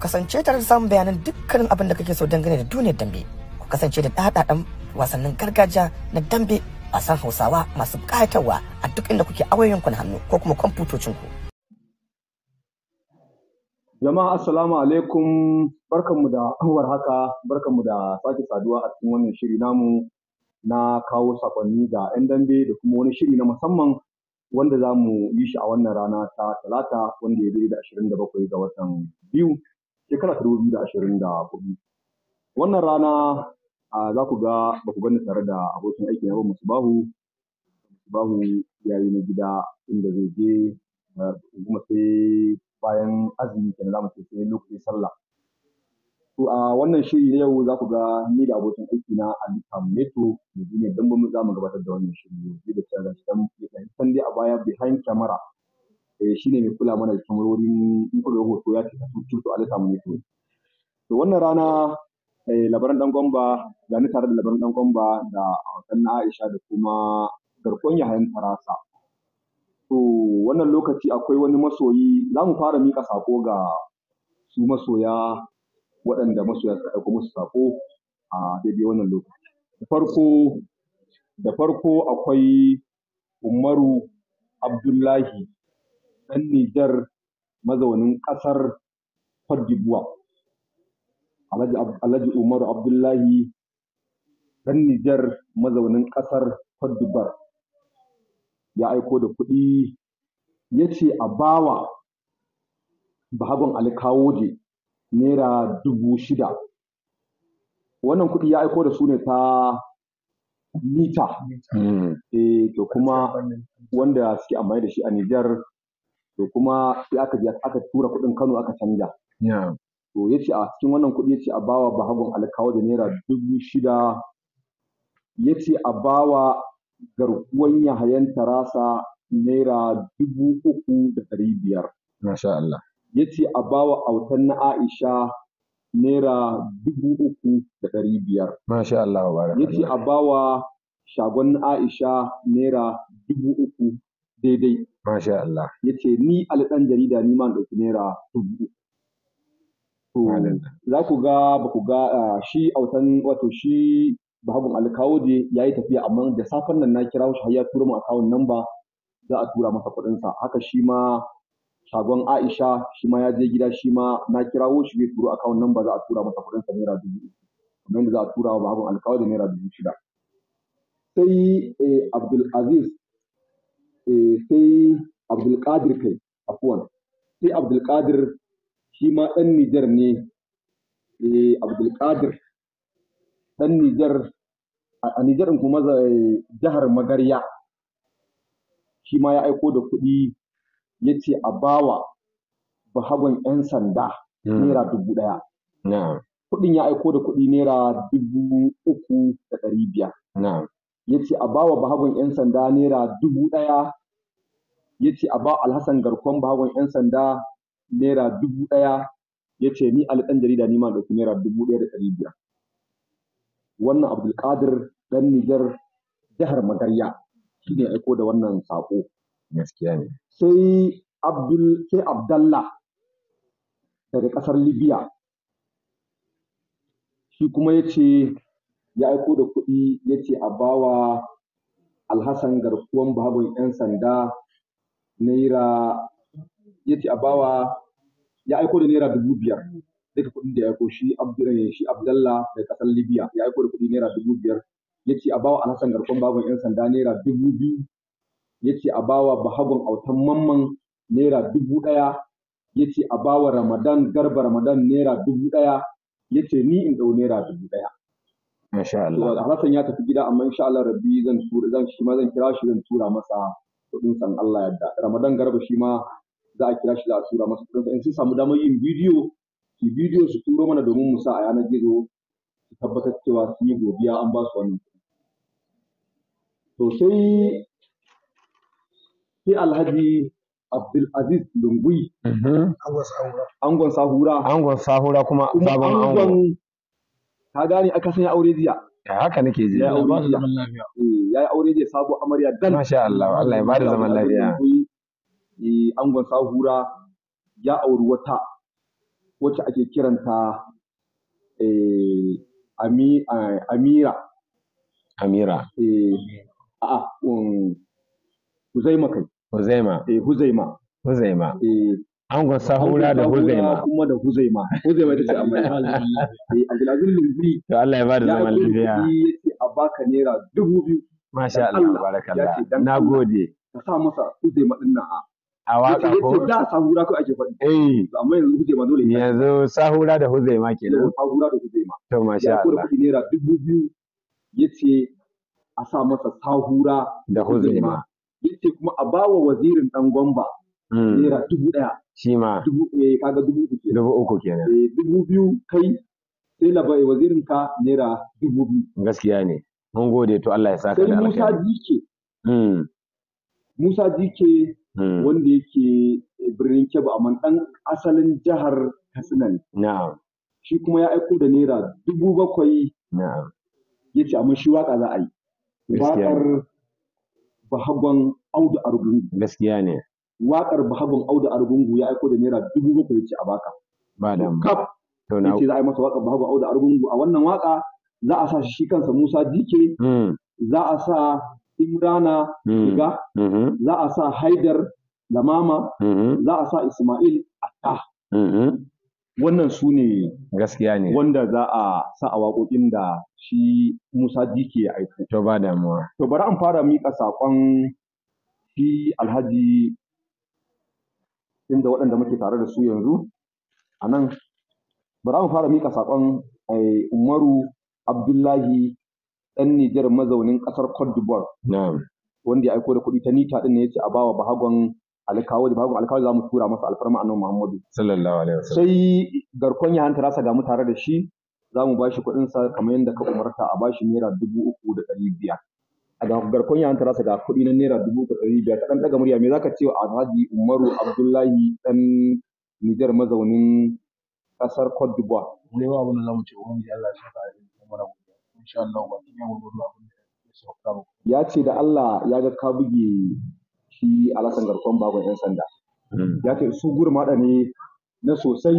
kasance tare da samun bayanan dukkanin abin da kake so dangane da duniyar dambe ku kasance da ɗaɗaɗan wasannin gargajiya na dambe a san hausawa masu ƙayatarwa a duk inda kuke awayoyinku na hannu ko kuma kwamfutocinku. jama'a assalamu alaikum barkanmu da anwar haka barkanmu da sake saduwa a cikin wannan shiri namu na kawo sakonni ga 'yan dambe da kuma wani shiri na musamman wanda za mu yi shi a wannan rana ta talata wanda ya da ashirin da bakwai ga watan biyu shekara ta dubu da Wannan rana za ku ga ba ku gani tare da abokin aiki na musu bahu bahu ya yi na gida inda zai je eh, kuma sai bayan azumi kenan zamu ce sai lokacin sallah. To a wannan shiri na yau za ku ga ni da abokin aiki na Ali Amneto da ne dan mu za mu gabatar da wannan shiri yau da cewa gashi dan dai a baya behind camera Eh, shi ne mai kula mana da kamarorin in kuka hoto ya cika tutu a lissa mun to to wannan rana eh, labaran Ɗan Gwamba, ga ni tare da labaran dan Gwamba, da hausan Aisha da kuma garkon yahayin tarasa to wannan lokaci akwai wani masoyi za mu fara mika sako ga su masoya waɗanda masoya suka ɗauko musu sako a daidai wannan lokaci da farko da farko akwai umaru abdullahi ɗan Nijar mazaunin ƙasar Cote Alhaji Umaru Abdullahi ɗan Nijar mazaunin ƙasar Cote ya aiko da kuɗi ya ce a bawa bahagon alkawoje naira dubu shida. Wannan kuɗi ya aiko da su ne ta mita. E, to kuma wanda suke amfani da shi a Nijar to kuma sai aka je aka tura kuɗin Kano aka canja to yace a cikin wannan kuɗi yace a bawa bahagon alkawo da naira dubu shida yace a bawa garkuwan yahayan tarasa naira dubu uku da ɗari biyar masha Allah yace a bawa autan na Aisha naira dubu uku da ɗari biyar masha Allah yace a bawa shagon Aisha naira dubu uku daidai masha Allah yace ni alɗan jarida ni ma ɗauki naira dubu to za ku ga ba ku ga shi autan wato shi bahabun alkawode ya yi tafiya amma da safen nan na kira shi har ya tura mu akawun ba za a tura masa kuɗin sa haka shi ma shagon Aisha shi ma ya je gida shi ma na kirawo shi bai turo akawun ba za a tura masa kuɗin sa naira dubu kamar yadda za a tura wa bahabun da naira dubu shida sai eh, Abdul Aziz Eh, sai abdulkadir kai afuwan sai abdulkadir shi ma ɗan nijar ne eh, abdulkadir ɗan nijar a nijar ɗin kuma eh, jihar magarya shi ma ya aiko da kuɗi ya ce a bawa bahagon 'yan sanda hmm. naira dubu ɗaya kuɗin ya aiko da kuɗi naira dubu uku da ɗari biyar ya ce a bawa bahagon 'yan sanda naira dubu ɗaya ya ce a ba alhassan garkon bagon 'yan sanda naira dubu ɗaya ya ce ni alɗan jarida ni ma da naira dubu ɗaya da ɗari biyar wannan abdulkadir ɗan nijar jihar magarya shi ne aiko da wannan saƙo gaskiya ne sai abdul sai daga ƙasar libya shi kuma ya ce ya aiko da kuɗi ya ce a bawa alhassan garkuwan babin 'yan sanda naira ya ce a bawa ya aiko da naira dubu biyar duka kuɗin da ya aiko shi shi abdallah daga ƙasar libya ya aiko da kuɗi naira dubu biyar ya ce a bawa alhassan garkon bagon yan sanda naira dubu biyu ya ce a bawa bahagon autan mamman naira dubu ɗaya ya ce a bawa ramadan garba ramadan naira dubu ɗaya ya ce ni in ɗau naira dubu ɗaya Masha Allah. Alhassan ya tafi gida amma insha Allah rabbi zan tura zan shi ma zan kira shi zan tura masa kuɗin san Allah yadda Ramadan Garba shi ma za a kira shi da asura masa kuɗin in sun samu damar yin bidiyo su bidiyo su turo mana domin mu sa a yanar gizo su tabbatar cewa sun yi godiya an ba su wannan to sai sai Alhaji Abdul Aziz Lungui mm-hmm. angon sahura angon sahura kuma sabon angon ka gane aka sanya aure jiya haka nake ji ya aure jiya yi aure da sabo amarya dan masha Allah Allah ya bada zaman lafiya eh angon sahura ya auri wata wacce ake kiranta eh ami eh, amira amira eh a'a um huzaima kai huzaima eh huzaima huzaima eh angon sahura da huzaima kuma da huzaima huzaima ita ce amarya eh abdulaziz lumburi Allah ya bada zaman lafiya yake a baka naira dubu biyu Masha Allah, Na gode. a a ko da eh. yanzu dole yanzu sahura da kenan sahura da to masha Allah ya dubu biyu yace a sa masa sahura da yace kuma a bawa wazirin ɗan gomba hmm. naira dubu ɗaya shi ma dubu eh, uku kenan dubu eh, dubu biyu kai sai wazirin ka naira dubu biyu gaskiya ne Mun gode to Allah ya saka da alkhairi. Hmm. Musa Dike. Musa hmm. Dike wanda yake birnin Kebbi amma dan asalin jihar Katsina ne. Na'am. Shi kuma ya aiko da naira dubu bakwai. Na'am. Ya ce amma shi waka za a yi. Waƙar Bahagon Audu Arugungu. Gaskiya ne. Waƙar Bahagon Audu Arugungu ya aiko da naira dubu bakwai ya ce a baka. Ba da Kaf. Ya ce za a yi masa waƙar Bahagon Audu Arugungu a wannan waƙa za a sa shi kansa Musa Dike, hmm. za a sa Imrana Shiga. Hmm. Hmm. za a sa Haidar Lamama, za a sa Ismail Atta. Wannan su ne gaskiya ne wanda za a sa a waƙoƙin da shi Musa Dike ya aiko. To ba damuwa. To bari an fara miƙa saƙon shi Alhaji inda waɗanda muke tare da su yanzu a nan bari an fara miƙa saƙon eh, Umaru Abdullahi ɗan Nijar mazaunin ƙasar Cote d'Ivoire. Wanda ya aiko da kuɗi ta nita ɗin ne ya ce a bawa bahagon alkawo da bahagon alkawo za mu tura masa alfarma a nan Muhammadu. Sallallahu alaihi wasallam. Sai garkon ya hanta rasa ga mu tare da shi za mu bashi kuɗin sa kamar yadda ka umarta a bashi naira dubu uku da ɗari biyar. A ga garkon ya hanta rasa ga kuɗi na naira dubu uku da ɗari biyar ka ɗan ɗaga murya me za ka ce wa Alhaji Umaru Abdullahi ɗan Nijar mazaunin ƙasar Cote d'Ivoire. Ne abin da za mu ce Ubangiji Allah ya shafa insha Allah abin da ya sauka ya ce da Allah ya ga ka buge shi alasan garkon bagon yan sanda hmm. ya ce su gurmada ne na sosai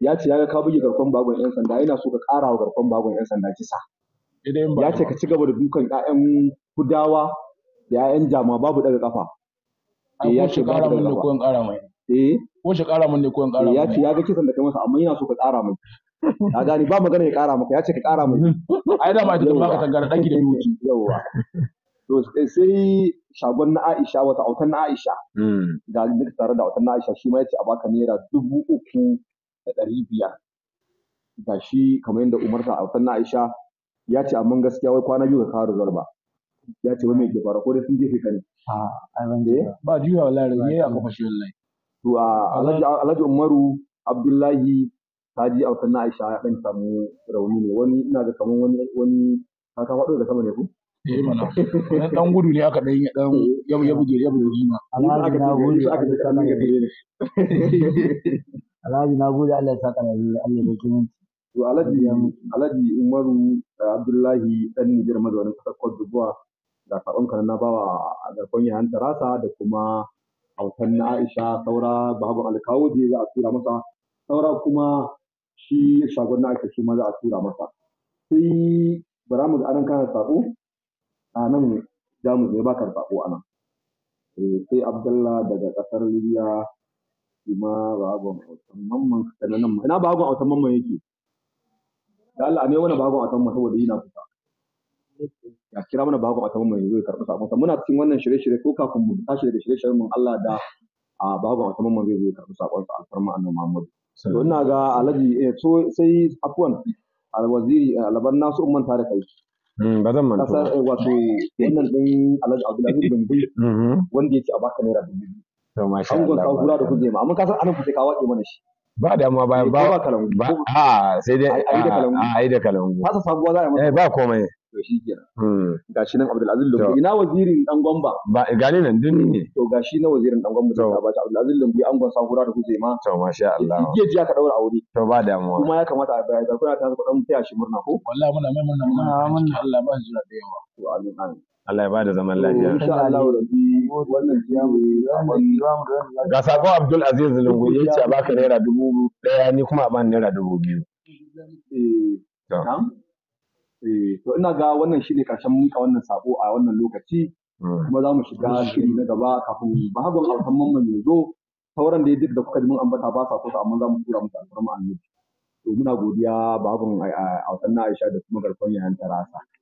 ya ce ya ga ka buge garkon bagon yan sanda yana so ka ƙara wa garkon bagon yan sanda kisa ya ce ka ci gaba da dukan ƴaƴan kudawa da ƴaƴan jama babu daga kafa eh ya ce eh ko shi ƙara mun ne ko in ƙara eh, ya ce ya ga kisan da kai masa amma yana so ka ƙara mai ka gani ba magana ya kara maka ya ce ka kara mai ai da ma ta baka tangara dan gidan miji Yawwa. to sai shagon na Aisha wata autan na Aisha hmm. ga duk tare da autan na Aisha shi ma yace a baka naira dubu uku da ɗari biyar ga shi kamar yadda ta autan na Aisha ya ce amma gaskiya wai kwana biyu ka kawo result ba ya ce wani me ke fara ko dai sun je fi ne a ban da eh? ba juya wa wallahi ne ya kafa shi wallahi to Alhaji Umaru Abdullahi taji a wasan na Aisha ya ɗan samu rauni ne wani ina ga kaman wani wani ka san wado ga sama ne ku eh dan gudu ne aka dan ya dan ya buge ya buge shi ma alhaji na gode aka ji sanan ga dai ne alhaji na gode Allah ya saka rayuwa Allah ya kiyaye to alhaji alhaji Umaru Abdullahi dan Nijar mazaunin ƙasar Cote d'Ivoire da karɓon kanan na bawa a garkon yayan tarasa da kuma hautan na Aisha saura babu alkawo je za a tura masa saura kuma shi shagon na aka shi ma za a tura masa sai bara mu ga anan kana sako a nan za mu zai baka sako a nan eh, sai Abdullah daga kasar libya shi ma bagon autan mamman kana nan ma ina bagon autan mamman yake da Allah ne wani bagon autan mamman saboda yana kusa ya kira mana bagon autan mamman yanzu ya karɓi sako muna cikin wannan shirye-shirye ko kafin mu tashi daga shirye-shiryen mun Allah da a babu wata mamman zai zo karɓi sakon sa alfarma annan Muhammadu to ina ga alaji eh, so sai afwan alwaziri eh, laban nasu umman tare kai hmm, ba zan manta kasar eh, wato wannan ɗin alaji abdulaziz bin bin mm-hmm. wanda ya ce a baka naira dubu biyu an kawo kura da kuje ma amma kasar anan kuce kawo ake mana shi ba damuwa ba ba kalangu a sai dai a yi da kalangu Fasa sabuwa za a yi masa eh, ba komai to shi kenan hmm. gashi nan Abdulaziz Lumbu ina wazirin dan gwamba ba gani nan din ne to gashi na wazirin dan gwamba da ba ta Abdulaziz Lumbu an gonsa gura da kuze ma to masha Allah jiya jiya ka daura aure to ba damuwa kuma ya kamata a bayar da kuna ta ku dan taya shi murna ko wallahi muna mai murna muna Allah ba jira da yawa to amin amin Allah ya bada zaman lafiya. Insha Allah rabbi wannan ga sako Abdul Aziz Lungu ya ce baka naira dubu daya ni kuma a bani naira dubu biyu. Eh, eh, to ina ga wannan shi ne karshen muka wannan sako a wannan lokaci hmm. kuma za mu shiga shiri na gaba kafin bahagon alfamman mai zo sauran da ya duk da kuka ji mun ambata ba sa kusa amma za mu tura musu alfarma annabi. To muna godiya bahagon a wasan na Aisha da kuma garkon yayan tarasa.